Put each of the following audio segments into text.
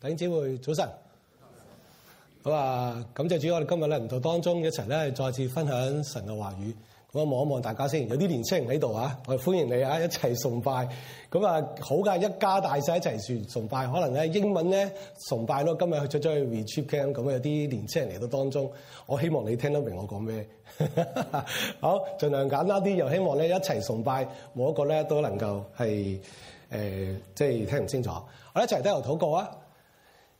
弟兄姊妹，早晨。好啊，感謝主，我哋今日咧嚟到當中一齊咧再次分享神嘅話語。咁啊望一望大家先，有啲年輕人喺度啊，我歡迎你啊，一齊崇拜。咁啊好嘅，一家大細一齊崇拜。可能咧英文咧崇拜咯。今日去出咗去 retreat camp 咁啊有啲年輕人嚟到當中，我希望你聽得明我講咩。好，盡量簡單啲，又希望咧一齊崇拜，冇一個咧都能夠係誒，即係聽唔清楚。我哋一齊低頭禱告啊！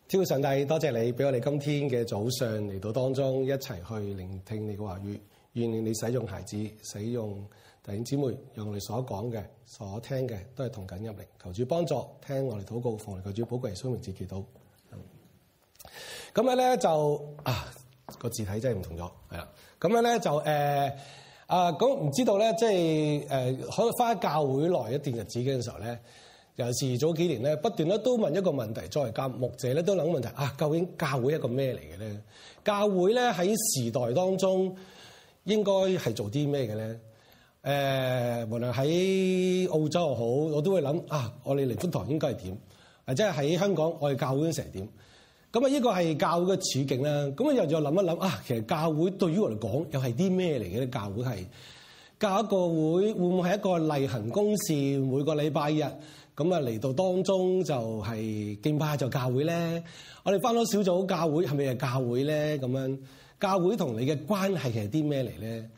天父上帝，多謝你俾我哋今天嘅早上嚟到當中一齊去聆聽你嘅話語，願令你使用孩子、使用弟兄姊妹，用我哋所講嘅、所聽嘅都係同緊入嚟。求主幫助，聽我哋禱告，奉求主寶貴聖名，祈禱。咁樣咧就啊、嗰個字體真係唔同咗，係啦。咁樣咧就誒、呃、啊，咁唔知道咧，即係誒，可、呃、返教會來一段日子嘅時候咧。尤其是早幾年咧，不斷咧都問一個問題，作為教牧者咧都諗問題啊，究竟教會係一個咩嚟嘅咧？教會咧喺時代當中應該係做啲咩嘅咧？誒、呃，無論喺澳洲又好，我都會諗啊，我哋靈尊堂應該係點？或者喺香港，我哋教會成點？咁啊，呢個係教會嘅處境啦。咁啊，又再諗一諗啊，其實教會對於我嚟講，又係啲咩嚟嘅咧？教會係教一個會，會唔會係一個例行公事？每個禮拜日。咁啊，嚟到當中就係敬拜就教會咧？我哋翻到小組教會，係咪係教會咧？咁樣教會同你嘅關係其實啲咩嚟咧？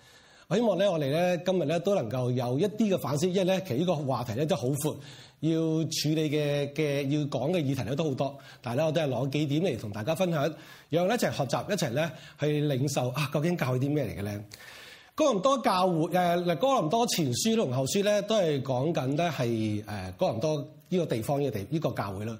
我希望咧我哋咧今日咧都能夠有一啲嘅反思，因為咧其實呢個話題咧都好闊，要處理嘅嘅要講嘅議題咧都好多，但係咧我都係攞幾點嚟同大家分享，然後一齊學習，一齊咧去領受啊，究竟教會啲咩嚟嘅咧？哥林多教會，誒，嗱，哥林多前書同後書咧，都係講緊咧係誒哥林多呢個地方，呢個地，呢個教會啦。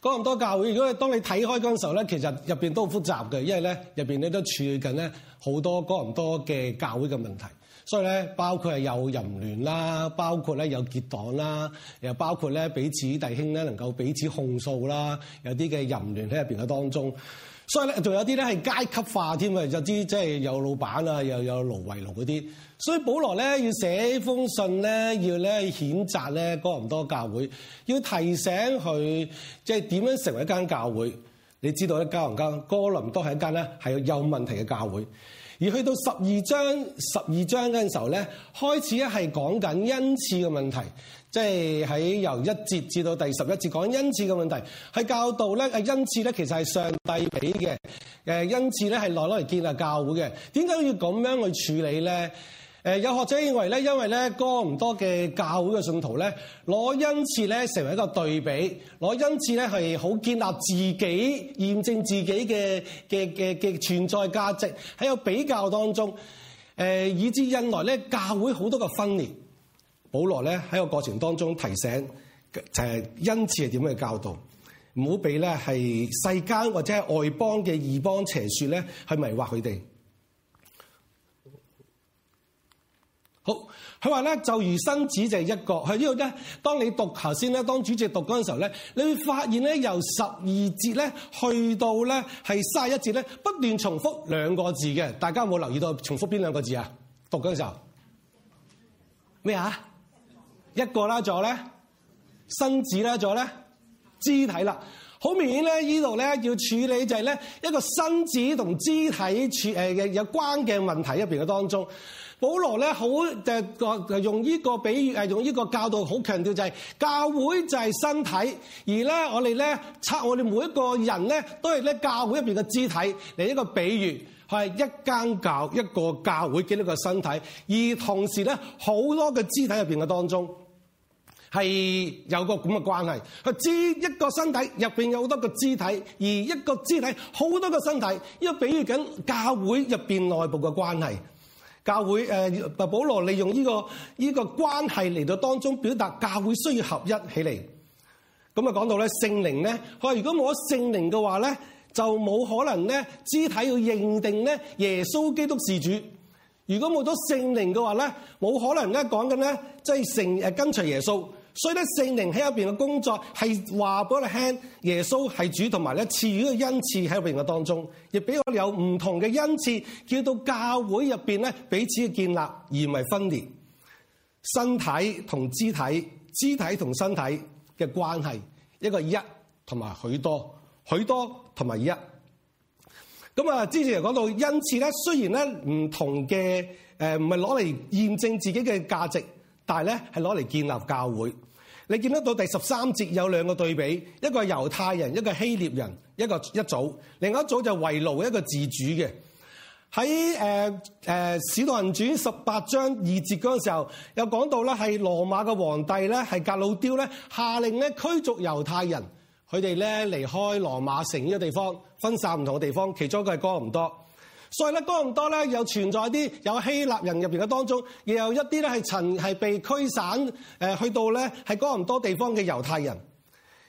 哥林多教會，如果當你睇開嗰陣時候咧，其實入邊都好複雜嘅，因為咧入邊咧都處理緊咧好多哥林多嘅教會嘅問題，所以咧包括係有淫亂啦，包括咧有結黨啦，又包括咧彼此弟兄咧能夠彼此控訴啦，有啲嘅淫亂喺入邊嘅當中。所以咧，仲有啲咧係階級化添啊！就知即係有老闆啊，又有奴隸奴嗰啲。所以保羅咧要寫封信咧，要咧譴責咧哥林多教會，要提醒佢即係點樣成為一間教會。你知道咧，加行加哥林多係一間咧係有問題嘅教會，而去到十二章十二章嗰陣時候咧，開始咧係講緊恩賜嘅問題，即係喺由一節至到第十一節講恩賜嘅問題。喺教導咧，誒恩賜咧其實係上帝俾嘅，誒恩賜咧係來攞嚟建立教會嘅。點解要咁樣去處理咧？誒有學者認為咧，因為咧，多唔多嘅教會嘅信徒咧，攞恩賜咧成為一個對比，攞恩賜咧係好建立自己，驗證自己嘅嘅嘅嘅存在價值，喺個比較當中，誒以至引來咧教會好多個分裂。保羅咧喺個過程當中提醒，就係恩賜係點樣嘅教導，唔好俾咧係世間或者係外邦嘅異邦邪說咧去迷惑佢哋。好，佢話咧就如身子就係一個，喺呢度咧。當你讀頭先咧，當主席讀嗰陣時候咧，你會發現咧由十二節咧去到咧係卅一節咧不斷重複兩個字嘅。大家有冇留意到重複邊兩個字啊？讀嗰時候咩啊？一個啦，仲有咧身子啦，仲有咧肢體啦。好明顯咧，呢度咧要處理就係咧一個身子同肢體處誒嘅、呃、有關嘅問題入邊嘅當中。保羅咧好就用呢個比喻，係用呢個教導好強調就係、是、教會就係身體，而咧我哋咧測我哋每一個人咧都係咧教會入邊嘅肢體嚟一個比喻，係一間教一個教會建立個，個身體，而同時咧好多嘅肢體入邊嘅當中係有個咁嘅關係，佢知一個身體入邊有好多嘅肢體，而一個肢體好多嘅身體，一比喻緊教會入邊內部嘅關係。教會誒，保羅利用呢、這個呢、這個關係嚟到當中表達教會需要合一起嚟。咁啊講到咧聖靈咧，佢話如果冇咗聖靈嘅話咧，就冇可能咧肢體要認定咧耶穌基督是主。如果冇咗聖靈嘅話咧，冇可能咧講緊咧即係成誒跟隨耶穌。所以咧，聖靈喺入邊嘅工作係話俾你聽，耶穌係主同埋咧賜予嘅恩賜。喺入邊嘅當中，亦俾我哋有唔同嘅恩賜，叫到教會入邊咧彼此嘅建立而唔係分裂。身體同肢體，肢體同身體嘅關係，一個一同埋許多，許多同埋一。咁啊，之前講到恩賜咧，雖然咧唔同嘅誒唔係攞嚟驗證自己嘅價值。但係咧，係攞嚟建立教會。你見得到第十三節有兩個對比，一個係猶太人，一個希臘人，一個一組；另一組就為奴，一個自主嘅。喺誒誒《使徒行傳》十八章二節嗰陣時候，有講到咧係羅馬嘅皇帝咧係格魯丟咧下令咧驅逐猶太人，佢哋咧離開羅馬城呢個地方，分散唔同嘅地方。其中一個係哥林多。所以咧，哥林多咧又存在啲有希臘人入面嘅當中，亦有一啲咧係曾係被驅散，誒去到咧係哥林多地方嘅猶太人，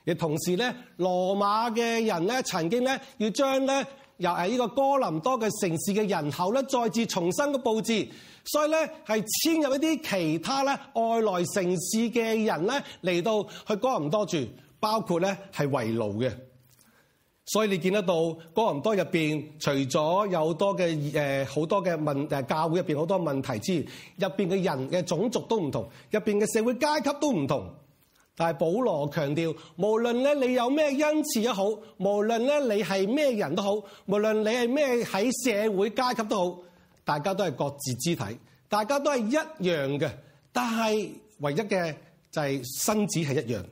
亦同時咧羅馬嘅人咧曾經咧要將咧由誒呢個哥林多嘅城市嘅人口咧再次重新嘅佈置，所以咧係遷入一啲其他咧外來城市嘅人咧嚟到去哥林多住，包括咧係為奴嘅。所以你見得到哥林多入邊除咗有好多嘅誒好多嘅問誒教會入邊好多問題之餘，入邊嘅人嘅種族都唔同，入邊嘅社會階級都唔同。但係保羅強調，無論咧你有咩恩賜也好，無論咧你係咩人都好，無論你係咩喺社會階級都好，大家都係各自肢體，大家都係一樣嘅。但係唯一嘅就係身子係一樣，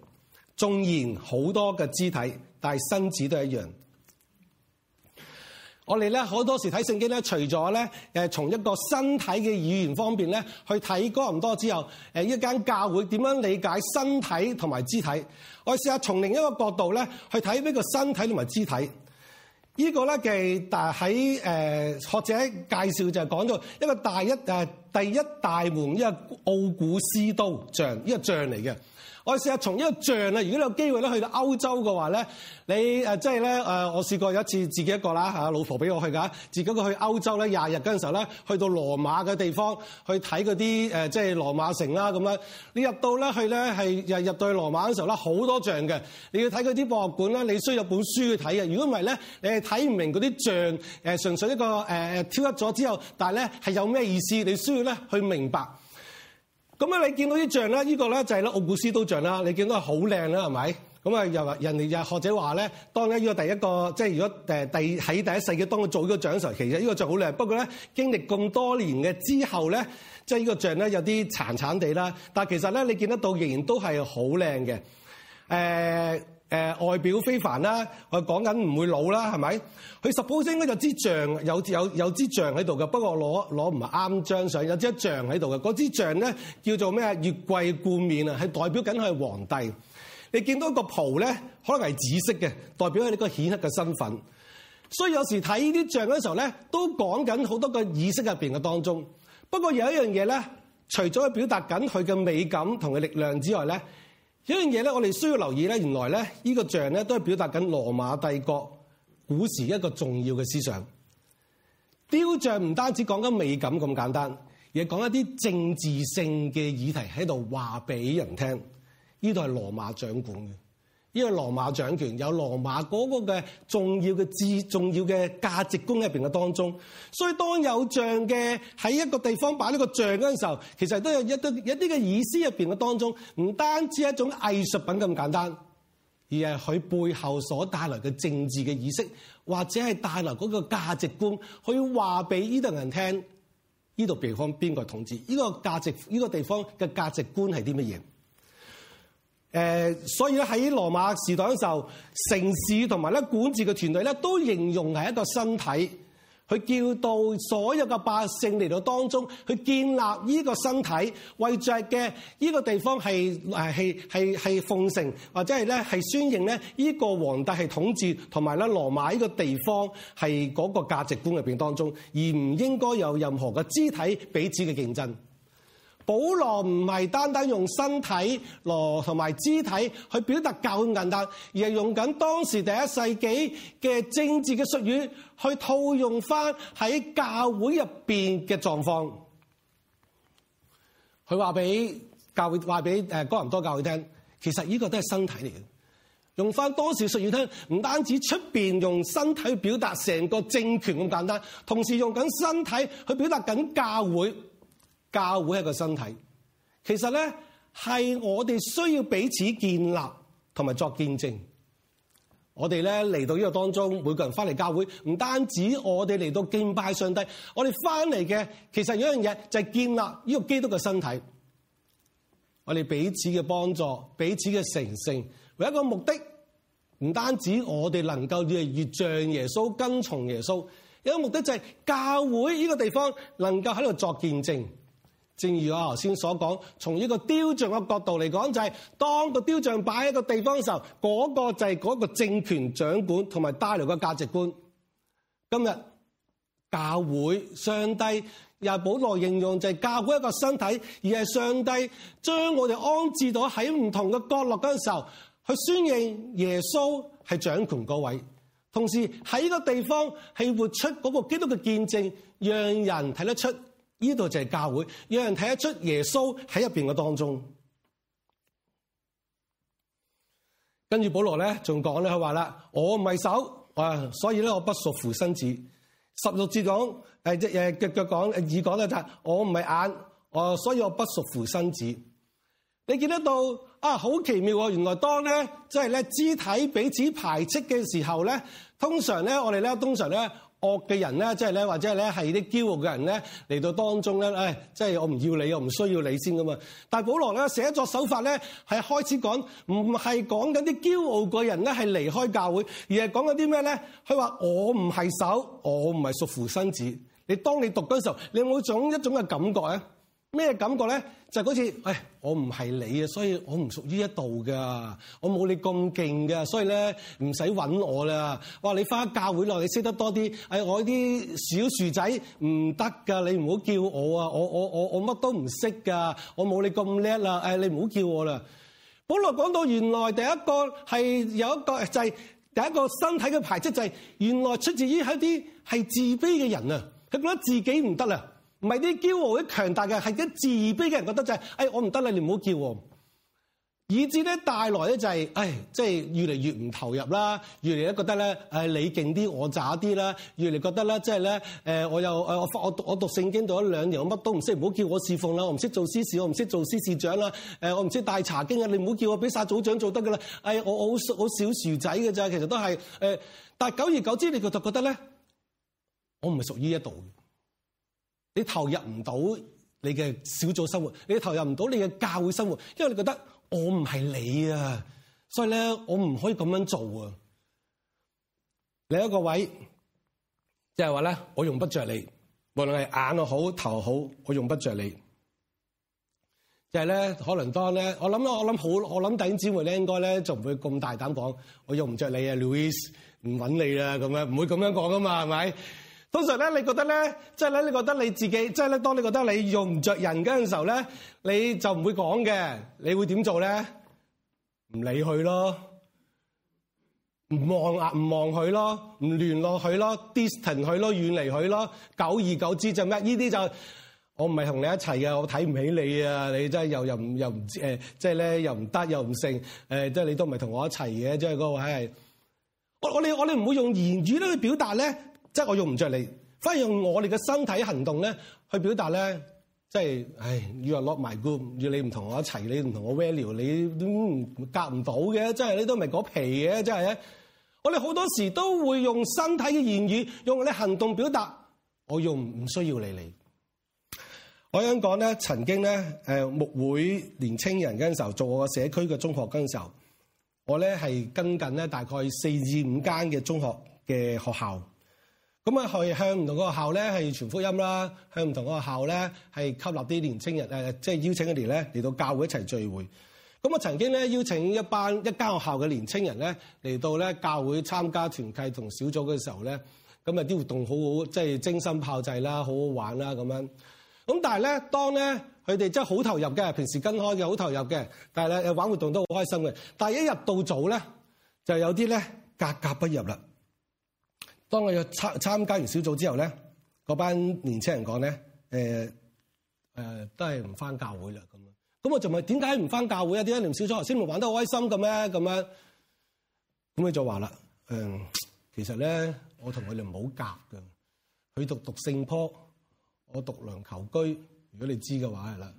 縱然好多嘅肢體。但係身子都一樣。我哋咧好多時睇聖經咧，除咗咧誒從一個身體嘅語言方面咧去睇多唔多之後，誒一間教會點樣理解身體同埋肢體？我試下從另一個角度咧去睇呢個身體同埋肢體。呢個咧嘅大喺誒學者介紹就係講到一個大一誒第一大門，一個奧古斯都像，一個像嚟嘅。我哋試下從呢個像啊！如果你有機會咧去到歐洲嘅話咧，你誒即係咧誒，我試過有一次自己一個啦嚇，老婆俾我去㗎，自己一個去歐洲咧廿日嗰陣時候咧，去到羅馬嘅地方去睇嗰啲誒即係羅馬城啦咁樣。你入到咧去咧係入入到去羅馬嘅時候咧好多像嘅，你要睇嗰啲博物館咧，你需要有本書去睇嘅。如果唔係咧，你係睇唔明嗰啲像誒，純粹一個誒、呃、挑一咗之後，但係咧係有咩意思？你需要咧去明白。咁啊！你見到啲像啦，呢個咧就係咧奧古斯都像啦。你見到係好靚啦，係咪？咁啊，又話人哋又學者話咧，當呢依個第一個，即係如果第喺第一世紀當佢做呢個像時候，其實呢個像好靚。不過咧，經歷咁多年嘅之後咧，即係呢個像咧有啲殘殘地啦。但係其實咧，你見得到仍然都係好靚嘅。呃誒外表非凡啦，我講緊唔會老啦，係咪？佢十鋪先應該有支像，有有有支像喺度嘅。不過攞攞唔係啱張相，有支像喺度嘅。嗰支像咧叫做咩？月桂冠冕啊，係代表緊佢係皇帝。你見到一個袍咧，可能係紫色嘅，代表佢呢個顯赫嘅身份。所以有時睇呢啲像嘅時候咧，都講緊好多個意識入邊嘅當中。不過有一樣嘢咧，除咗表達緊佢嘅美感同佢力量之外咧。有一樣嘢咧，我哋需要留意咧。原來咧，呢個像咧都係表達緊羅馬帝國古時一個重要嘅思想。雕像唔單止講緊美感咁簡單，而係講一啲政治性嘅議題喺度話俾人聽。呢度係羅馬掌管嘅。因為羅馬掌權，有羅馬嗰個嘅重要嘅至重要嘅價值觀入邊嘅當中，所以當有像嘅喺一個地方擺呢個像嗰陣時候，其實都有一一啲嘅意思入邊嘅當中，唔單止一種藝術品咁簡單，而係佢背後所帶來嘅政治嘅意識，或者係帶來嗰個價值觀，去話俾呢度人聽，呢度地方邊個統治，呢、這個價值呢、這個地方嘅價值觀係啲乜嘢？誒，所以咧喺羅馬時代嘅時候，城市同埋咧管治嘅團隊咧，都形容係一個身體，佢叫到所有嘅百姓嚟到當中，去建立呢個身體，為着嘅呢個地方係係係係奉承，或者係咧係宣認咧呢個皇帝係統治，同埋咧羅馬呢個地方係嗰個價值觀入邊當中，而唔應該有任何嘅肢體彼此嘅競爭。保羅唔係單單用身體、羅同埋肢體去表達教會咁簡單，而係用緊當時第一世紀嘅政治嘅術語去套用翻喺教會入面嘅狀況。佢話俾教會話俾誒哥林多教會聽，其實呢個都係身體嚟嘅，用翻當時的術語聽，唔單止出面用身體表達成個政權咁簡單，同時用緊身體去表達緊教會。教會係個身體，其實咧係我哋需要彼此建立同埋作見證。我哋咧嚟到呢個當中，每個人翻嚟教會，唔單止我哋嚟到敬拜上帝，我哋翻嚟嘅，其實有一樣嘢就係、是、建立呢個基督嘅身體。我哋彼此嘅幫助，彼此嘅誠誠，為一個目的，唔單止我哋能夠越越像耶穌，跟從耶穌。有一個目的就係教會呢個地方能夠喺度作見證。正如我頭先所講，從呢個雕像嘅角度嚟講，就係當個雕像擺喺個地方嘅時候，嗰個就係嗰個政權掌管同埋帶來嘅價值觀。今日教會上帝又係保羅應用，就係教會一個身體，而係上帝將我哋安置到喺唔同嘅角落嗰陣時候，去宣認耶穌係掌權嗰位，同時喺呢個地方係活出嗰個基督嘅見證，讓人睇得出。呢度就係教會，有人睇得出耶穌喺入邊嘅當中。跟住保羅咧仲講咧，佢話啦：我唔係手啊，所以咧我不屬乎身子。十六節講誒，只誒嘅腳講耳、啊、講咧就係我唔係眼啊，所以我不屬乎身子。你見得到啊？好奇妙啊！原來當咧即係咧肢體彼此排斥嘅時候咧，通常咧我哋咧通常咧。惡嘅人咧，即係咧，或者係咧，係啲驕傲嘅人咧，嚟到當中咧，誒，即係我唔要你，我唔需要你先噶嘛。但係保羅咧，寫作手法咧，係開始講，唔係講緊啲驕傲嘅人咧，係離開教會，而係講緊啲咩咧？佢話我唔係手，我唔係屬乎身子。你當你讀嗰陣時候，你有冇種一種嘅感覺咧？咩感覺咧？就好似，喂，我唔係你啊，所以我唔屬於一度噶，我冇你咁勁噶，所以咧唔使揾我啦。哇，你翻教會咯，你識得多啲。哎，我啲小薯仔唔得噶，你唔好叫我啊，我我我我乜都唔識噶，我冇你咁叻啦。哎，你唔好叫我啦。保羅講到，原來第一個係有一個制，就是、第一個身體嘅排斥就係、是、原來出自於喺啲係自卑嘅人啊，佢覺得自己唔得啦。唔係啲驕傲、啲強大嘅，係啲自卑嘅人覺得就係、是，哎，我唔得啦，你唔好叫喎。以至咧帶來咧就係、是，哎，即、就、係、是、越嚟越唔投入啦，越嚟越覺得咧，誒你勁啲，我渣啲啦，越嚟覺得咧，即係咧，我又我我讀我讀聖經讀咗兩年，我乜都唔識，唔好叫我侍奉啦，我唔識做司事，我唔識做司事長啦，我唔識帶查經啊，你唔好叫我俾晒組長做得㗎啦，哎，我好好小薯仔嘅咋，其實都係、呃、但係久而久之，你就覺得咧，我唔係屬於呢一度。你投入唔到你嘅小組生活，你投入唔到你嘅教會生活，因為你覺得我唔係你啊，所以咧我唔可以咁樣做啊。另一個位，即係話咧，我用不着你，無論係眼又好頭好，我用不着你。即係咧，可能當咧，我諗我諗好，我諗弟兄姊妹咧，應該咧就唔會咁大膽講，我用唔着你啊，Louis，唔揾你啦，咁樣唔會咁樣講噶嘛，係咪？通常咧，你覺得咧，即係咧，你覺得你自己，即係咧，當你覺得你用唔着人嗰陣時候咧，你就唔會講嘅，你會點做咧？唔理佢咯，唔望啊，唔望佢咯，唔聯絡佢咯，distance 佢咯，遠離佢咯，久而久之而就咩？呢啲就我唔係同你一齊嘅，我睇唔起，起你啊！你真係又又唔又唔誒，即係咧又唔得又唔成誒，即係、呃、你都唔係同我一齊嘅，即係嗰位，我我哋我你唔會用言語呢去表達咧。即係我用唔着你，反而用我哋嘅身體行動咧，去表達咧。即係，唉，要落埋 group，要你唔同我一齊，你唔同我 value、嗯，你都夾唔到嘅。即係你都唔係皮嘅。即係咧，我哋好多時候都會用身體嘅言語，用啲行動表達。我用唔需要你嚟。我想講咧，曾經咧，誒牧會年青人嗰陣時候做我個社區嘅中學嗰陣時候，我咧係跟近咧大概四至五間嘅中學嘅學校。咁啊，去向唔同嘅學校咧，係傳福音啦；向唔同嘅學校咧，係吸納啲年青人，誒，即係邀請佢哋咧嚟到教會一齊聚會。咁我曾經咧邀請一班一間學校嘅年青人咧嚟到咧教會參加團契同小組嘅時候咧，咁啊啲活動好好，即係精心炮製啦，好好玩啦，咁樣。咁但係咧，當咧佢哋真係好投入嘅，平時跟開嘅，好投入嘅，但係咧玩活動都好開心嘅。但係一入到組咧，就有啲咧格格不入啦。當我有參參加完小組之後咧，嗰班年輕人講咧，誒、呃、誒、呃、都係唔翻教會啦咁啊！咁我就問點解唔翻教會啊？點解你小組頭先冇玩得好開心嘅咩？咁樣，咁佢就話啦，誒、嗯，其實咧，我同佢哋唔好夾嘅。佢讀讀聖坡，我讀良求居。如果你知嘅話係啦，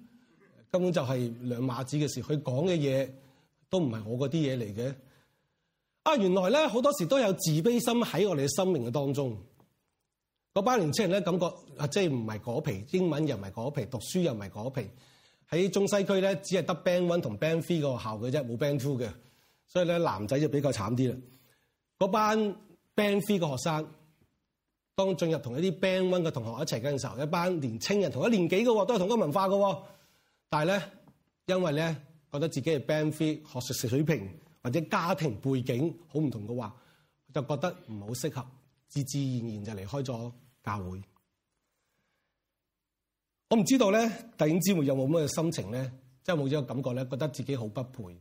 根本就係兩碼子嘅事。佢講嘅嘢都唔係我嗰啲嘢嚟嘅。啊，原來咧，好多時都有自卑心喺我哋嘅生命嘅當中。嗰班年青人咧，感覺啊，即係唔係果皮英文，又唔係果皮讀書，又唔係果皮。喺中西區咧，只係得 Band One 同 Band Three 個校嘅啫，冇 Band Two 嘅。所以咧，男仔就比較慘啲啦。嗰班 Band Three 個學生當進入同一啲 Band One 嘅同學一齊嘅時候，一班年青人同一年紀嘅喎，都係同一個文化嘅喎。但係咧，因為咧覺得自己係 Band Three 學術水平。或者家庭背景好唔同嘅話，就覺得唔好適合，自自然然就離開咗教會。我唔知道咧，突然之會有冇咁嘅心情咧？即係冇咗個感覺咧，覺得自己好不配。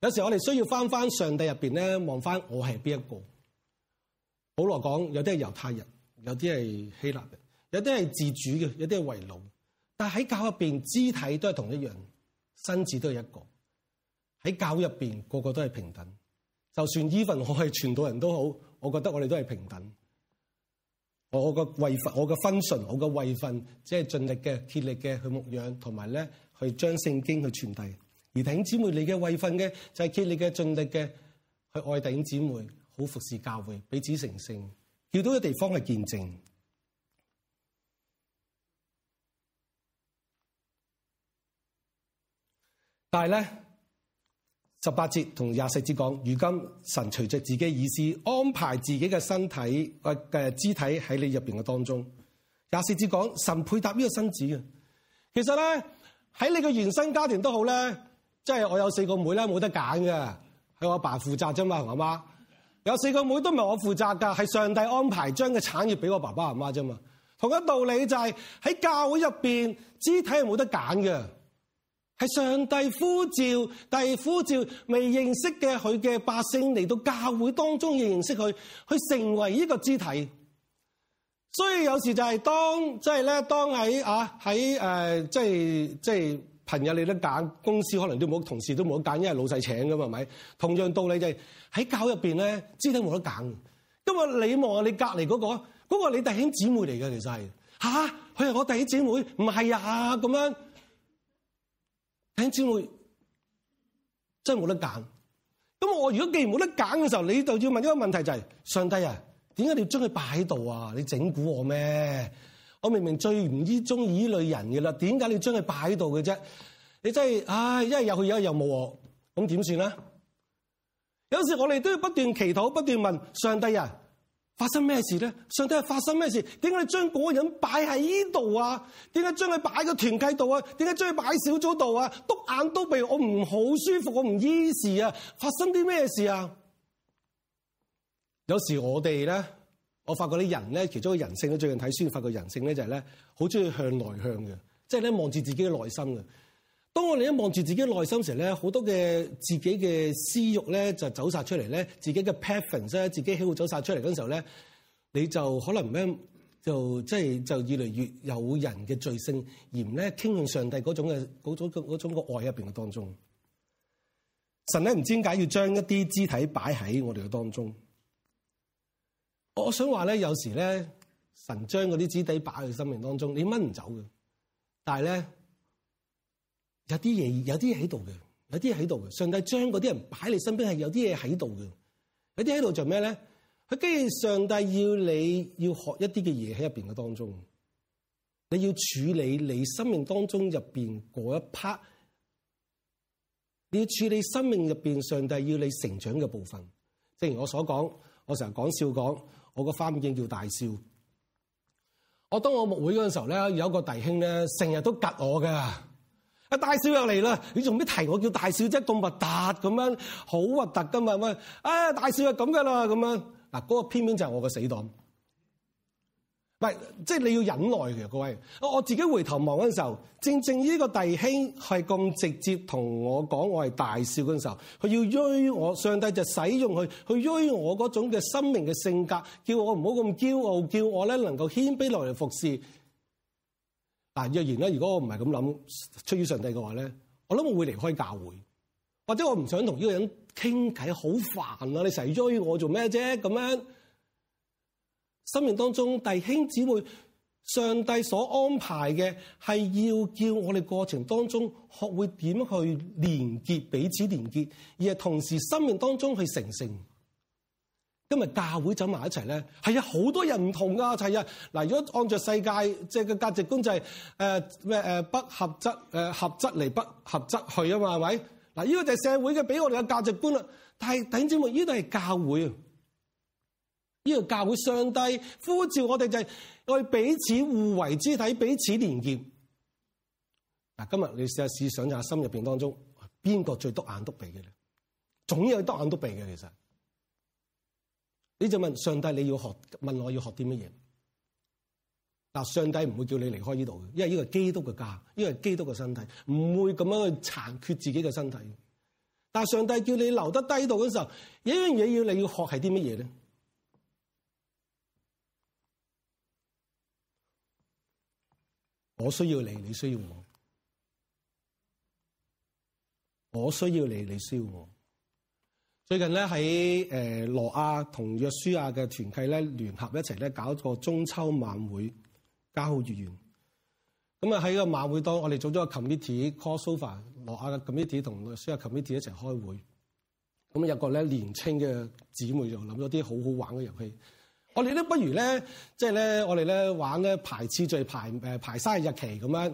有時我哋需要翻翻上帝入邊咧，望翻我係邊一個。保羅講，有啲係猶太人，有啲係希臘人，有啲係自主嘅，有啲係為奴。但係喺教入邊肢體都係同一樣，身子都係一個。喺教入邊，個個都係平等。就算依份我係傳道人都好，我覺得我哋都係平等。我個位份，我個分純，我個位份，即係盡力嘅、竭力嘅去牧養，同埋咧去將聖經去傳遞。而弟兄姊妹你的的，你嘅位份嘅就係、是、竭力嘅、盡力嘅去愛弟兄姊妹，好服侍教會，彼此成聖，叫到個地方去見證。但係咧。十八節同廿四節講，如今神隨着自己的意思安排自己嘅身體個嘅、呃、肢體喺你入邊嘅當中。廿四節講神配搭呢個身子嘅，其實咧喺你嘅原生家庭都好咧，即係我有四個妹咧冇得揀嘅，係我阿爸負責啫嘛同阿媽，有四個妹,妹都唔係我負責噶，係上帝安排將嘅產業俾我爸爸阿媽啫嘛。同一道理就係、是、喺教會入邊肢體係冇得揀嘅。係上帝呼召，第呼召未認識嘅佢嘅百姓嚟到教會當中要認識佢，去成為呢個肢體。所以有時就係當即係咧，就是，當喺啊喺誒，即係即係朋友你都揀，公司可能都冇，同事都冇得揀，因為老細請噶嘛，係咪？同樣道理就係，是，喺教入邊咧，肢體冇得揀。今日你望下你隔離嗰個，嗰，嗰個你弟兄姊妹嚟嘅其實係吓？佢，啊，係我弟兄姊妹，唔係啊咁樣。兄姊妹真係冇得揀，咁我如果既然冇得揀嘅時候，你就要問一個問題就係、是：上帝啊，點解你要將佢擺喺度啊？你整蠱我咩？我明明最唔知中意呢類人嘅啦，點解你要將佢擺喺度嘅啫？你真係，唉，一係有佢，一係又冇我。」咁點算咧？有時我哋都要不斷祈禱，不斷問上帝啊。發生咩事咧？上帝係發生咩事？點解你將嗰個人擺喺呢度啊？點解將佢擺個團契度啊？點解將佢擺小組度啊？督眼都鼻，我唔好舒服，我唔易事啊！發生啲咩事啊？有時我哋咧，我發覺啲人咧，其中個人性咧，最近睇書發覺人性咧就係咧，好中意向內向嘅，即係咧望住自己嘅內心嘅。當我哋一望住自己內心時咧，好多嘅自己嘅私欲咧就走晒出嚟咧，自己嘅 preference 咧、自己喜好走晒出嚟嗰陣時候咧，你就可能咩就即係就越嚟越有人嘅罪性，而唔咧傾向上帝嗰種嘅嗰種嗰種,種愛入邊嘅當中。神咧唔知點解要將一啲肢體擺喺我哋嘅當中。我想話咧，有時咧，神將嗰啲肢體擺喺佢生命當中，你掹唔走嘅，但係咧。有啲嘢有啲喺度嘅，有啲喺度嘅。上帝將嗰啲人擺你身邊係有啲嘢喺度嘅，有啲喺度做咩咧？佢既然上帝要你要學一啲嘅嘢喺入邊嘅當中，你要處理你生命當中入邊嗰一 part，你要處理生命入邊上帝要你成長嘅部分。正如我所講，我成日講笑講，我個花名叫大笑。我當我牧會嗰陣時候咧，有一個弟兄咧，成日都及我嘅。啊！大少又嚟啦！你做咩提我，我叫大少啫？咁核突咁樣，好核突噶嘛？咁、哎、啊！大少又咁噶啦！咁樣嗱，嗰、那個偏偏就係我個死黨，喂，即、就、係、是、你要忍耐嘅，各位。我自己回頭望嗰陣時候，正正呢個弟兄係咁直接同我講，我係大少嗰陣時候，佢要追我，上帝就使用佢，去追我嗰種嘅生命嘅性格，叫我唔好咁驕傲，叫我咧能夠謙卑落嚟服侍。嗱，若然咧，如果我唔係咁諗，出於上帝嘅話咧，我諗我會離開教會，或者我唔想同呢個人傾偈，好煩啊，你成日追我做咩啫？咁樣，生命當中弟兄姊妹，上帝所安排嘅係要叫我哋過程當中學會點去連結彼此連結，而係同時生命當中去成成。今日教會走埋一齊咧，係啊，好多人唔同噶，就係啊。嗱，如果按照世界即係嘅價值觀就係誒咩誒不合則誒合則嚟不合則去啊嘛，係咪？嗱，呢個就係社會嘅俾我哋嘅價值觀啦。但係弟兄姊妹，呢度係教會啊，呢、這個教會上帝呼召我哋就係、是、愛彼此互為肢體，彼此連結。嗱，今日你試下試想下心入邊當中邊個最督眼督鼻嘅咧？總有督眼督鼻嘅其實。你就問上帝你要學，問我要學啲乜嘢？嗱，上帝唔會叫你離開呢度嘅，因為呢個基督嘅家，因為基督嘅身體唔會咁樣去殘缺自己嘅身體。但係上帝叫你留得低度嘅時候，有一樣嘢要你要學係啲乜嘢咧？我需要你，你需要我。我需要你，你需要我。最近咧喺誒羅亞同約書亞嘅團契咧聯合一齊咧搞一個中秋晚會，家好月圓。咁啊喺個晚會當，我哋做咗個 committee call sofa，羅亞嘅 committee 同約書亞 committee 一齊開會。咁有一個咧年輕嘅姊妹就諗咗啲好好玩嘅遊戲。我哋都不如咧，即係咧我哋咧玩咧排次序排誒排生日日期咁樣，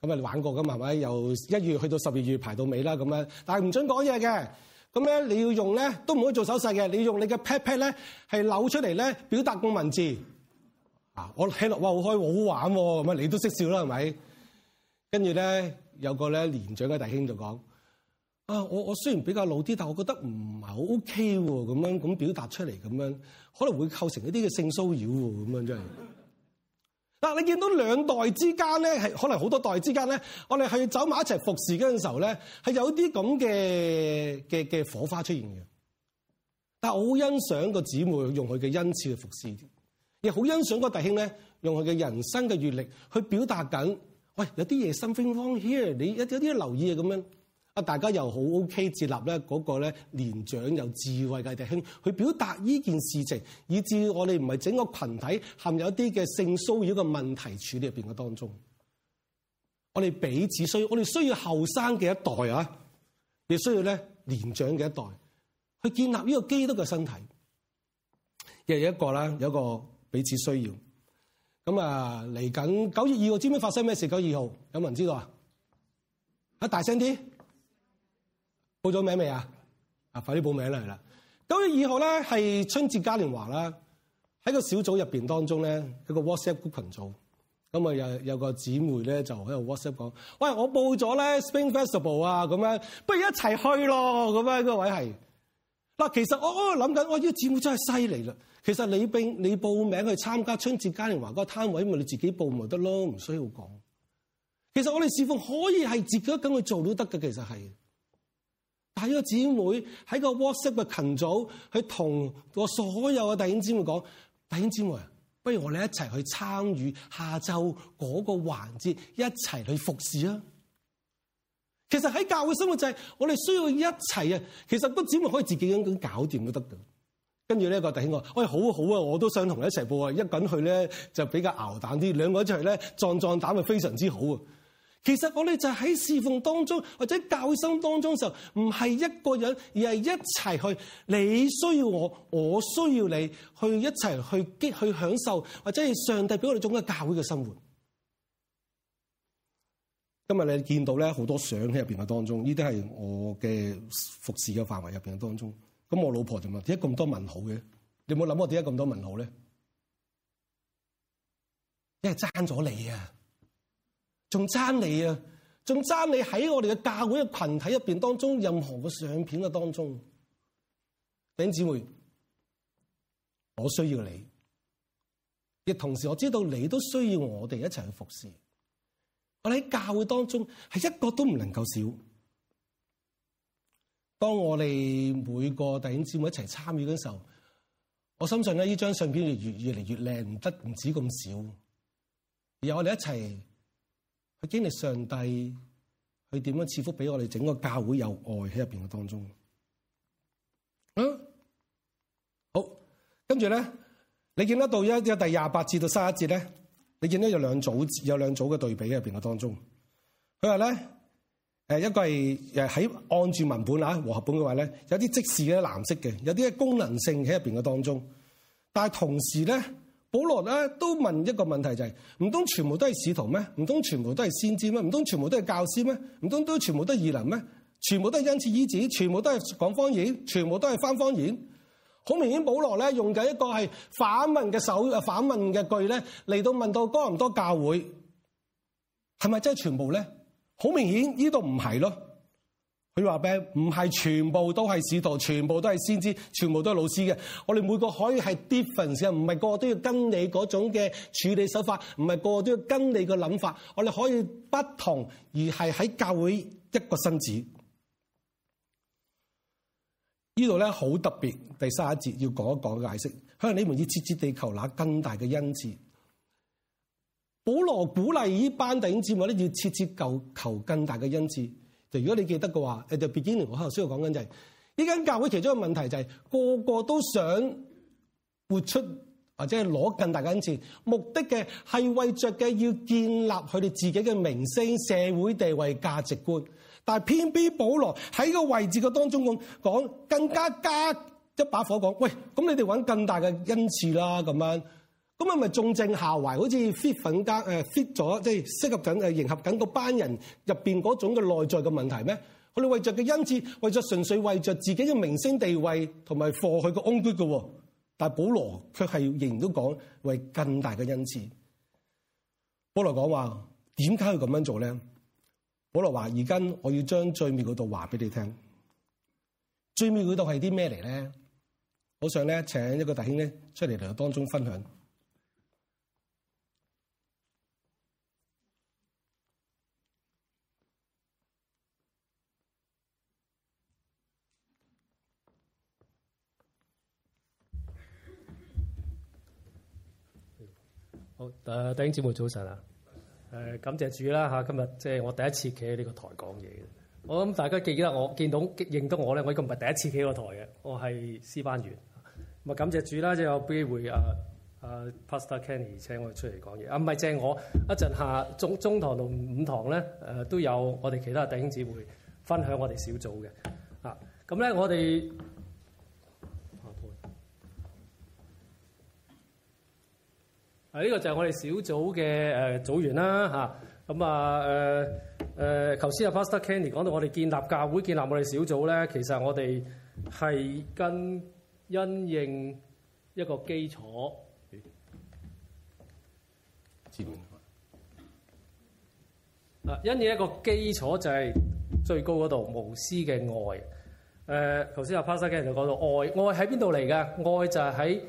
咁啊玩過噶嘛？係咪由一月去到十二月排到尾啦？咁樣，但係唔準講嘢嘅。咁咧，你要用咧都唔可以做手勢嘅，你要用你嘅 pat pat 咧係扭出嚟咧表達個文字啊！我聽落哇，好開，好玩喎，哦！咁你都識笑啦，係咪？跟住咧有個咧年長嘅弟兄就講：啊，我我雖然比較老啲，但我覺得唔係好 OK 喎，咁樣咁表達出嚟，咁樣可能會構成一啲嘅性騷擾喎，咁樣真係。嗱，你見到兩代之間咧，係可能好多代之間咧，我哋係走埋一齊服侍陣時候咧，係有啲咁嘅嘅嘅火花出現嘅。但係我好欣賞個姊妹用佢嘅恩賜去服侍，亦好欣賞個弟兄咧，用佢嘅人生嘅閱歷去表達緊。喂，有啲嘢 something wrong here，你一有啲留意啊咁樣。啊！大家又好 O K，接納咧嗰個咧年長又智慧嘅弟兄，去表達呢件事情，以至我哋唔係整個群體陷入一啲嘅性騷擾嘅問題處理入邊嘅當中。我哋彼此需要，我哋需要後生嘅一代啊，亦需要咧年長嘅一代去建立呢個基督嘅身體。又有一個啦，有一個彼此需要咁啊。嚟緊九月二號，知唔知發生咩事？九月二號有冇人知道啊？啊，大聲啲！報咗名未啊？啊，快啲報名嚟啦，九月二號咧係春節嘉年華啦。喺個小組入邊當中咧，一個 WhatsApp group 群組，咁啊有有個姊妹咧就喺度 WhatsApp 講：喂，我報咗咧 Spring Festival 啊，咁樣，不如一齊去咯，咁樣，那個位係。嗱，其實我我諗緊，我、哦、呢、這個姊妹真係犀利啦。其實你並你報名去參加春節嘉年華嗰個攤位，咪你自己報咪得咯，唔需要我講。其實我哋是否可以係自己咁去做都得嘅？其實係。但係姊妹喺個 WhatsApp 嘅羣組，去同我所有嘅弟兄姊妹講：弟兄姊妹啊，不如我哋一齊去參與下晝嗰個環節，一齊去服侍啊！其實喺教會生活就係我哋需要一齊啊！其實都姊妹可以自己咁樣搞掂都得嘅。跟住呢個弟兄我話喂，好好啊，我都想同你一齊報啊！一個人去咧就比較熬膽啲，兩個一齊呢，咧壯壯膽，就非常之好啊！其實我哋就喺侍奉當中，或者教生當中嘅時候，唔係一個人，而係一齊去。你需要我，我需要你，去一齊去激，去享受，或者係上帝俾我哋種嘅教會嘅生活。今日你見到咧好多相喺入面嘅當中，呢啲係我嘅服侍嘅範圍入面嘅當中。咁我老婆就問？點解咁多問號嘅？你有冇諗過點解咁多問號咧？因為爭咗你啊！仲爭你啊！仲爭你喺我哋嘅教會嘅群體入邊當中，任何個相片嘅當中，弟兄姊妹，我需要你，亦同時我知道你都需要我哋一齊去服侍。我哋喺教會當中係一個都唔能夠少。當我哋每個弟兄姊妹一齊參與嘅時候，我相信咧，呢張相片越來越嚟越靚，唔得唔止咁少。而我哋一齊。經歷上帝，佢點樣賜福俾我哋整個教會有愛喺入邊嘅當中？啊，好，跟住咧，你見得到一有第廿八節到卅一節咧，你見到有兩組有兩組嘅對比喺入邊嘅當中。佢話咧，誒，一個係誒，喺按住文本啊，和合本嘅話咧，有啲即時嘅藍色嘅，有啲嘅功能性喺入邊嘅當中，但係同時咧。保羅咧都問一個問題，就係唔通全部都係使徒咩？唔通全部都係先知咩？唔通全部都係教師咩？唔通都全部都係異能咩？全部都係恩賜而止，全部都係講方言，全部都係翻方，方言。好明顯保羅咧用緊一個係反問嘅手啊，反問嘅句咧嚟到問到哥林多教會係咪真係全部咧？好明顯呢度唔係咯。佢話：，咩唔係全部都係使徒，全部都係先知，全部都係老師嘅。我哋每個可以係 difference 唔係，個個都要跟你嗰種嘅處理手法，唔係個個都要跟你嘅諗法。我哋可以不同，而係喺教會一個身子。呢度咧好特別，第三十一節要講一講解釋。可能你們要切切地求，那更大嘅恩賜。保羅鼓勵呢班弟兄姊妹咧，要切切求求更大嘅恩賜。如果你記得嘅話，誒就 beginning 我需要講緊就係呢間教會其中一個問題就係、是，個個都想活出或者攞更大嘅恩賜，目的嘅係為着嘅要建立佢哋自己嘅名聲社會地位、價值觀。但係偏偏保羅喺個位置嘅當中咁講，更加加一把火講：，喂，咁你哋揾更大嘅恩賜啦，咁樣。咁係咪重症下懷，好似 fit 粉家誒、uh, fit 咗，即係適合緊、uh, 迎合緊個班人入面嗰種嘅內在嘅問題咩？佢哋為着嘅恩賜，為着純粹為着自己嘅名聲地位同埋貨去個 on good 嘅喎。但係保羅卻係仍然都講為更大嘅恩賜。保羅講話點解要咁樣做咧？保羅話：而家我要將最妙嗰道話俾你聽。最妙嗰道係啲咩嚟咧？我想咧請一個弟兄咧出嚟嚟我當中分享。誒弟兄姊妹早晨啊！誒、呃、感謝主啦嚇，今日即係我第一次企喺呢個台講嘢嘅。我諗大家記得我見到認得我咧，我呢個唔係第一次企個台嘅。我係司班員，咪、嗯、感謝主啦，即就有機會誒誒、啊啊、Pastor Kenny 請我哋出嚟講嘢。啊，唔係正我一陣下中中堂同五堂咧誒、呃、都有我哋其他弟兄姊妹分享我哋小組嘅啊。咁咧我哋。啊！呢、這個就係我哋小組嘅誒組員啦嚇，咁、呃、啊誒誒，頭先阿 Pastor Kenny 講到我哋建立教會、建立我哋小組咧，其實我哋係跟因應一個基礎。啊、嗯嗯！因應一個基礎就係最高嗰度無私嘅愛。誒、啊，頭先阿 Pastor Kenny 就講到愛，愛喺邊度嚟㗎？愛就係喺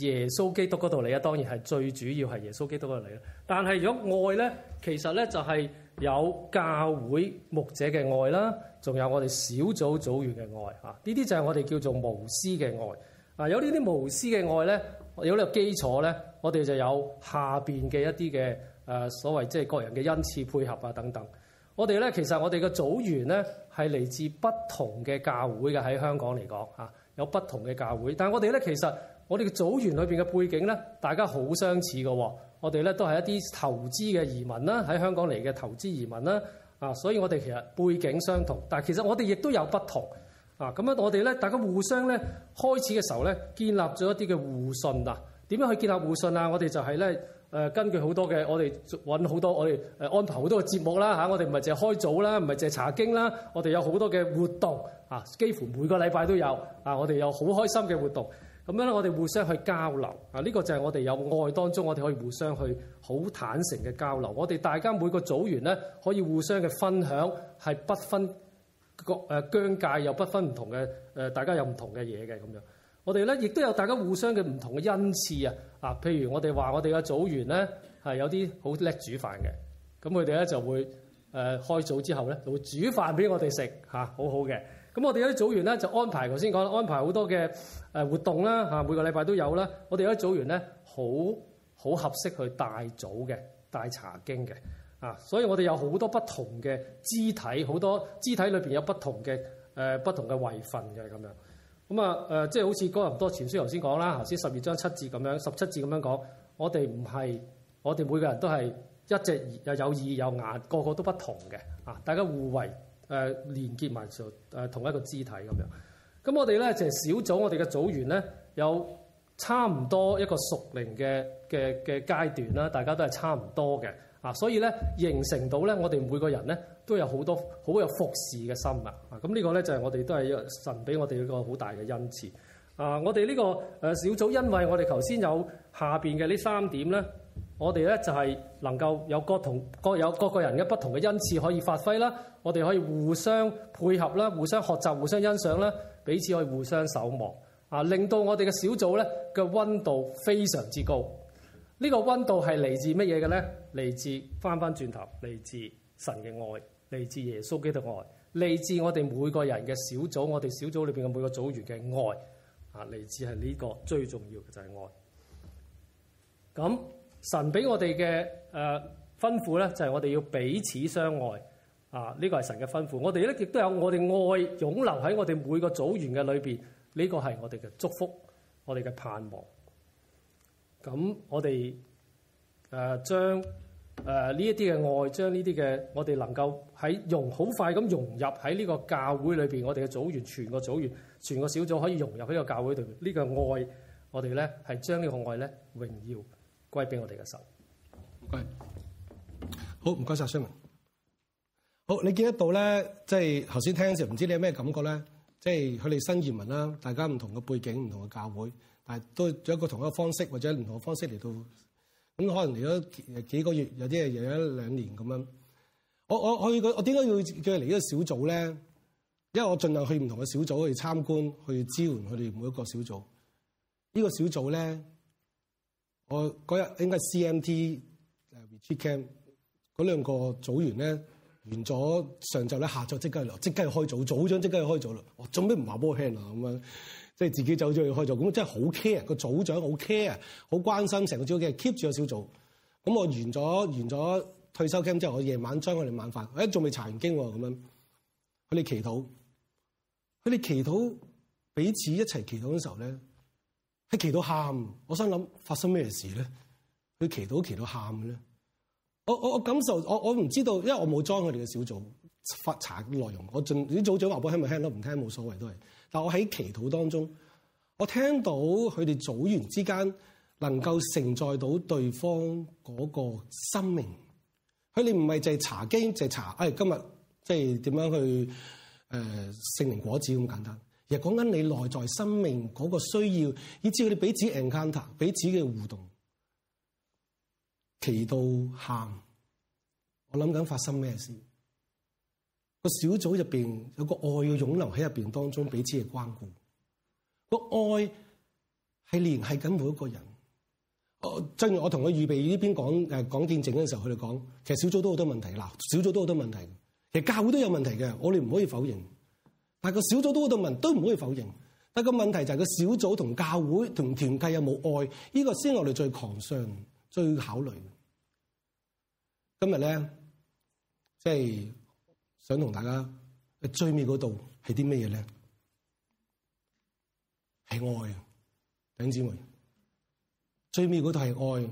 耶穌基督嗰度嚟啊，當然係最主要係耶穌基督嗰度嚟啦。但係如果愛咧，其實咧就係有教會牧者嘅愛啦，仲有我哋小組組員嘅愛啊。呢啲就係我哋叫做無私嘅愛啊。有呢啲無私嘅愛咧，有呢個基礎咧，我哋就有下邊嘅一啲嘅誒所謂即係個人嘅恩賜配合啊等等。我哋咧其實我哋嘅組員咧係嚟自不同嘅教會嘅喺香港嚟講啊，有不同嘅教會，但係我哋咧其實。我哋嘅組員裏邊嘅背景咧，大家好相似嘅。我哋咧都係一啲投資嘅移民啦，喺香港嚟嘅投資移民啦啊，所以我哋其實背景相同，但係其實我哋亦都有不同啊。咁樣我哋咧，大家互相咧開始嘅時候咧，建立咗一啲嘅互信啊。點樣去建立互信啊？我哋就係咧誒，根據好多嘅我哋揾好多我哋誒安排好多嘅節目啦嚇。我哋唔係淨係開組啦，唔係淨係查經啦。我哋有好多嘅活動啊，幾乎每個禮拜都有啊。我哋有好開心嘅活動。咁樣咧，我哋互相去交流啊！呢個就係我哋有愛當中，我哋可以互相去好坦誠嘅交流。我哋大家每個組員咧，可以互相嘅分享，係不分各誒疆界，又不分唔同嘅誒、呃，大家有唔同嘅嘢嘅咁樣。我哋咧亦都有大家互相嘅唔同嘅恩賜啊！啊，譬如我哋話我哋嘅組員咧係有啲好叻煮飯嘅，咁佢哋咧就會誒、呃、開組之後咧會煮飯俾我哋食嚇，好好嘅。咁我哋有啲組員咧就安排，頭先講啦，安排好多嘅誒活動啦，嚇每個禮拜都有啦。我哋有啲組員咧，好好合適去帶組嘅、帶查經嘅啊。所以我哋有好多不同嘅肢體，好多肢體裏邊有不同嘅誒、呃、不同嘅位份嘅咁樣。咁啊誒，即、呃、係、就是、好似《哥林多前書》頭先講啦，頭先十二章七節咁樣，十七節咁樣講，我哋唔係我哋每個人都係一隻又有耳有眼，個個都不同嘅啊！大家互為。誒連結埋就誒同一個肢體咁樣，咁我哋咧就係、小組我哋嘅組員咧有差唔多一個熟齡嘅嘅嘅階段啦，大家都係差唔多嘅啊，所以咧形成到咧我哋每個人咧都有好多好有服侍嘅心啊，咁呢個咧就係、是、我哋都係神俾我哋一個好大嘅恩賜啊！我哋呢、呢個、呃、小組因為我哋頭先有下面嘅呢三點咧。我哋咧就係能夠有各同各有各個人嘅不同嘅恩賜可以發揮啦。我哋可以互相配合啦，互相學習，互相欣賞啦，彼此可以互相守望啊，令到我哋嘅小組咧嘅溫度非常之高。呢個溫度係嚟自乜嘢嘅咧？嚟自返返轉頭，嚟自神嘅愛，嚟自耶穌基督愛，嚟自我哋每個人嘅小組，我哋小組裏邊嘅每個組員嘅愛啊，嚟自係呢個最重要嘅就係愛咁。神俾我哋嘅誒吩咐咧，就係我哋要彼此相愛啊！呢個係神嘅吩咐。我哋咧亦都有我哋愛湧流喺我哋每個組員嘅裏邊。呢個係我哋嘅祝福，我哋嘅盼望。咁我哋誒將誒呢一啲嘅愛，將呢啲嘅我哋能夠喺融好快咁融入喺呢個教會裏邊，我哋嘅組員、全個組員、全個小組可以融入喺個教會裏邊。呢個愛，我哋咧係將呢個愛咧榮耀。歸俾我哋嘅手，好唔該晒，Shirley。好，你見得到咧，即係頭先聽嘅時候，唔知你有咩感覺咧？即係佢哋新移民啦，大家唔同嘅背景，唔同嘅教會，但係都有一個同一個方式或者唔同嘅方式嚟到。咁可能嚟咗幾個月，有啲係嚟咗兩年咁樣。我我去我點解要叫嚟呢個小組咧？因為我盡量去唔同嘅小組去參觀，去支援佢哋每一個小組。呢個小組咧。我嗰日應該 CMT 誒 richie cam 嗰兩個組員咧完咗上晝咧下晝即刻即刻去開組，組長即刻去開組啦。我做咩唔話幫我 hand 啊咁樣，即係自己走咗去開組。咁、哦啊、真係好 care 個組長，好 care，好關心成個組織，keep 住有小組。咁我完咗完咗退休 cam 之後，我夜晚將我哋晚飯，我依仲未查完經喎、啊、咁樣，佢哋祈禱，佢哋祈禱彼此一齊祈禱嘅時候咧。喺祈到喊，我心諗發生咩事咧？佢祈到祈到喊嘅咧，我我我感受，我我唔知道，因為我冇 join 佢哋嘅小組發查內容。我盡啲組長話俾我聽咪聽咯，唔聽冇所謂都係。但係我喺祈禱當中，我聽到佢哋組員之間能夠承載到對方嗰個生命。佢哋唔係淨係查經，就係、是、查，誒、哎、今日即係點樣去誒、呃、聖靈果子咁簡單。又講緊你內在生命嗰個需要，以至佢哋彼此 encounter，彼此嘅互動，祈到喊，我諗緊發生咩事？個小組入邊有個愛嘅湧流喺入邊當中，彼此嘅關顧，個愛係聯繫緊每一個人。我正如我同佢預備呢邊講誒講見證嗰陣時候，佢哋講其實小組都好多問題，嗱，小組都好多問題，其實教會都有問題嘅，我哋唔可以否認。但個小組都度問，都唔可以否認。但個問題就係個小組同教會同團契有冇愛？呢個先我哋最狂上，最考慮。今日咧，即係想同大家最尾嗰度係啲乜嘢咧？係愛啊，弟兄姊妹，最尾嗰度係愛。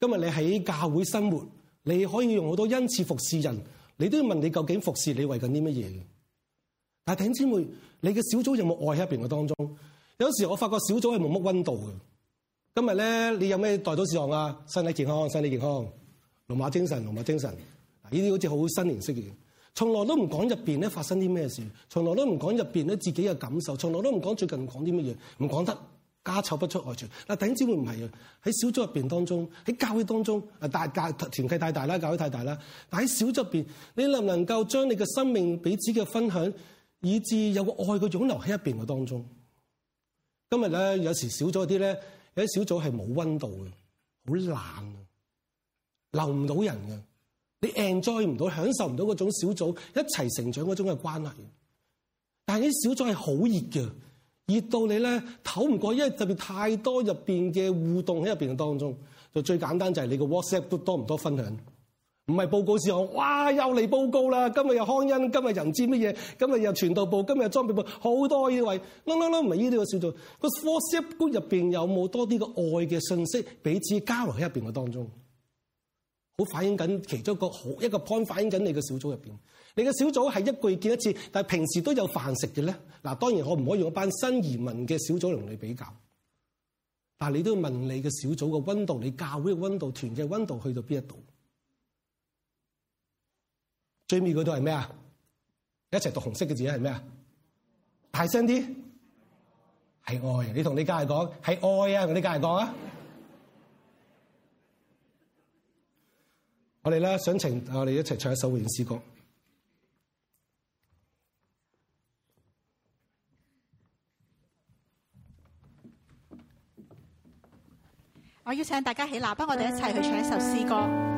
今日你喺教會生活，你可以用好多恩賜服侍人，你都要問你究竟服侍你為緊啲乜嘢？但係頂姊妹，你嘅小組有冇愛喺入邊嘅當中？有時我發覺小組係冇乜溫度嘅。今日咧，你有咩代禱事項啊？身體健康，身體健康，龍馬精神，龍馬精神，呢啲好似好新年式嘅。從來都唔講入邊咧發生啲咩事，從來都唔講入邊咧自己嘅感受，從來都唔講最近講啲乜嘢，唔講得家醜不出外傳。嗱頂姊妹唔係啊，喺小組入邊當中，喺教會當中啊，大家團契太大啦，教會太大啦。但喺小組入邊，你能唔能夠將你嘅生命彼此嘅分享？以至有個愛嘅湧流喺入邊嘅當中，今天呢。今日咧，有時少咗啲咧，有啲小組係冇温度嘅，好冷，留唔到人嘅，你 enjoy 唔到、享受唔到嗰種小組一齊成長嗰種嘅關係。但係啲小組係好熱嘅，熱到你咧唞唔過，因為特別太多入邊嘅互動喺入邊嘅當中。就最簡單就係你個 WhatsApp 都多唔多分享。唔係報告時候，哇！又嚟報告啦！今日又康恩，今日人知乜嘢？今日又傳道部，今日又裝備部，好多以為，嗱嗱嗱唔係呢啲嘅小組。個 fellowship 官入邊有冇多啲嘅愛嘅信息彼此交流喺入邊嘅當中，好反映緊其中一個好一個 point，反映緊你嘅小組入邊。你嘅小組係一個月見一次，但係平時都有飯食嘅咧。嗱，當然我唔可以用一班新移民嘅小組同你比較，但係你都要問你嘅小組嘅温度，你教會嘅温度，團嘅温度去到邊一度？最尾嗰度係咩啊？一齊讀紅色嘅字係咩啊？大聲啲，係愛。你同你家人講係愛啊！同你家人講啊！ 我哋咧想請我哋一齊唱一首回應詩歌。我要請大家起立，幫我哋一齊去唱一首詩歌。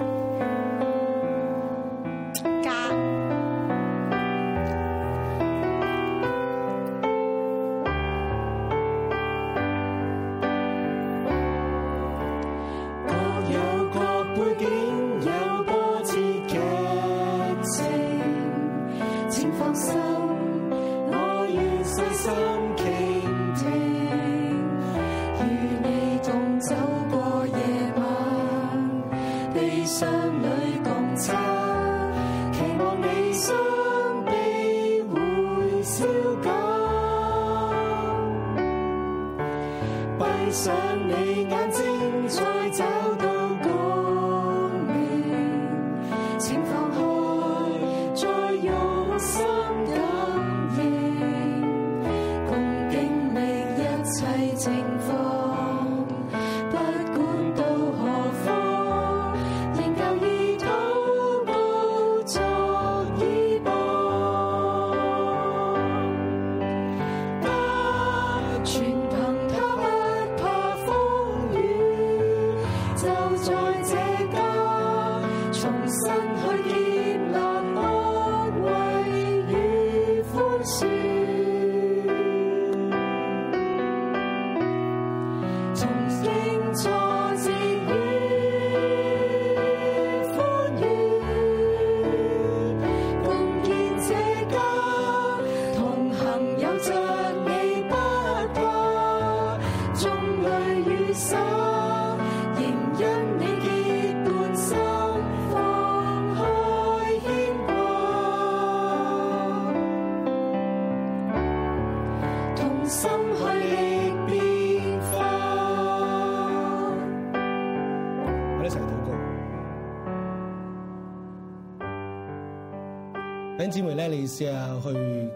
姐妹咧，你試下去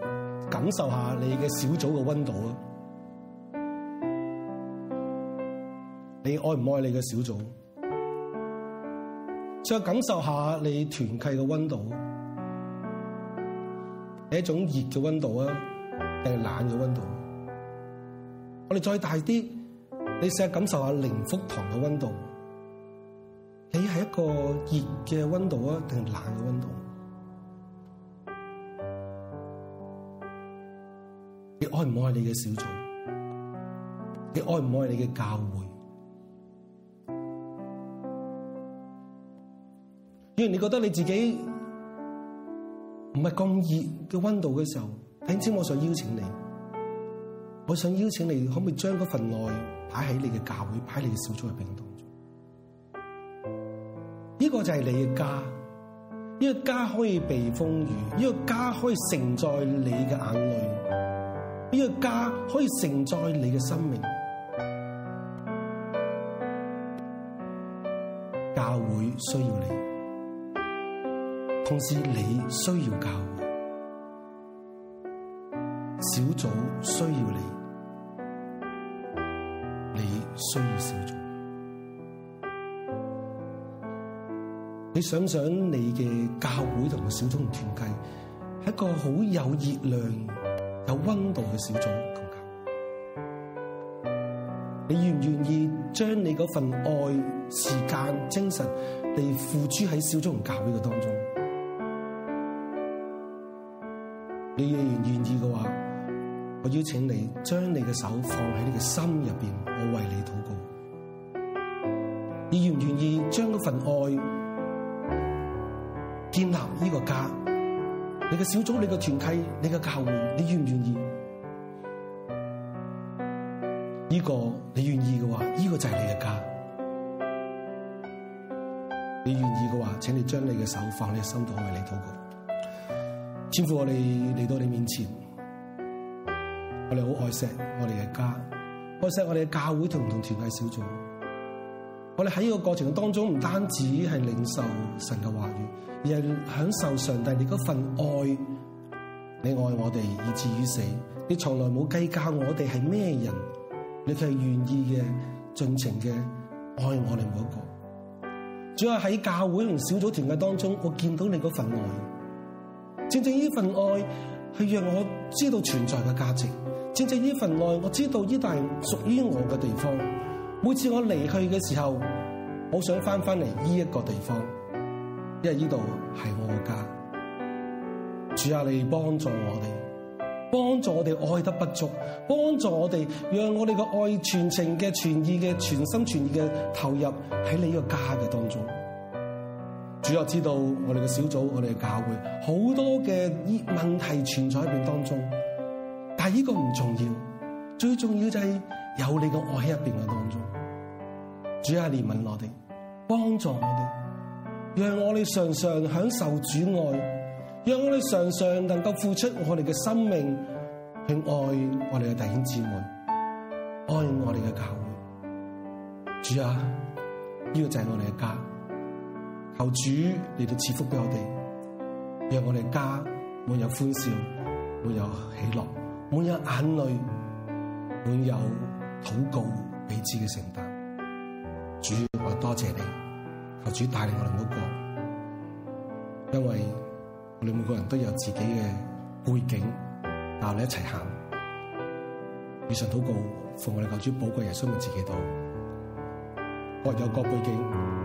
感受下你嘅小組嘅溫度啊！你愛唔愛你嘅小組？再感受下你團契嘅溫度，係一種熱嘅溫度啊，定係冷嘅溫度？我哋再大啲，你試下感受下靈福堂嘅溫度，你係一個熱嘅溫度啊，定係冷嘅溫度？愛唔愛你嘅小組？你愛唔愛你嘅教會？如果你覺得你自己唔係咁熱嘅溫度嘅時候，聽朝我想邀請你，我想邀請你，可唔可以將嗰份愛擺喺你嘅教會，擺喺你嘅小組入邊當中？呢個就係你嘅家，呢個家可以避風雨，呢個家可以承載你嘅眼淚。呢個家可以承載你嘅生命，教會需要你，同時你需要教會，小組需要你，你需要小組。你想想，你嘅教會同埋小組唔團契，係一個好有熱量。有溫度嘅小組同教，你願唔願意將你嗰份愛、時間、精神嚟付諸喺小組同教會嘅當中？你願唔願意嘅話，我邀請你將你嘅手放喺你嘅心入邊，我為你禱告你。你願唔願意將嗰份愛建立呢個家？你嘅小組，你嘅團契，你嘅教會，你願唔願意？呢、這個你願意嘅話，呢、這個就係你嘅家。你願意嘅話，請你將你嘅手放喺心度，為你禱告。天父，我哋嚟到你面前，我哋好愛錫我哋嘅家，愛錫我哋嘅教會和不同唔同團體小組。我哋喺呢個過程當中，唔單止係領受神嘅話語，而係享受上帝你嗰份愛。你愛我哋以至於死，你從來冇計較我哋係咩人，你卻係願意嘅，盡情嘅愛我哋每、那個。仲有喺教會同小組團嘅當中，我見到你嗰份愛。正正呢份愛係讓我知道存在嘅價值。正正呢份愛，我知道呢度係屬於我嘅地方。每次我離去嘅時候，我想翻翻嚟呢一個地方，因為呢度係我嘅家。主啊，你幫助我哋，幫助我哋愛得不足，幫助我哋讓我哋嘅愛全情嘅全意嘅全心全意嘅投入喺你呢個家嘅當中。主啊，知道我哋嘅小組，我哋嘅教會，好多嘅依問題存在喺邊當中，但係呢個唔重要，最重要就係。有你嘅愛喺入邊嘅當中，主啊，憐憫我哋，幫助我哋，讓我哋常常享受主愛，讓我哋常常能夠付出我哋嘅生命去愛我哋嘅弟兄姊妹，愛我哋嘅教會。主啊，呢、這個就係我哋嘅家，求主你到賜福俾我哋，讓我哋家滿有歡笑，滿有喜樂，滿有眼淚，滿有。禱告彼此嘅承擔，主我多謝、謝你，求主帶領我哋每個，因為我哋每個人都有自己嘅背景，帶我哋一齊行。以上禱告，奉我哋求主寶貴耶穌嘅自己度。各有各背景。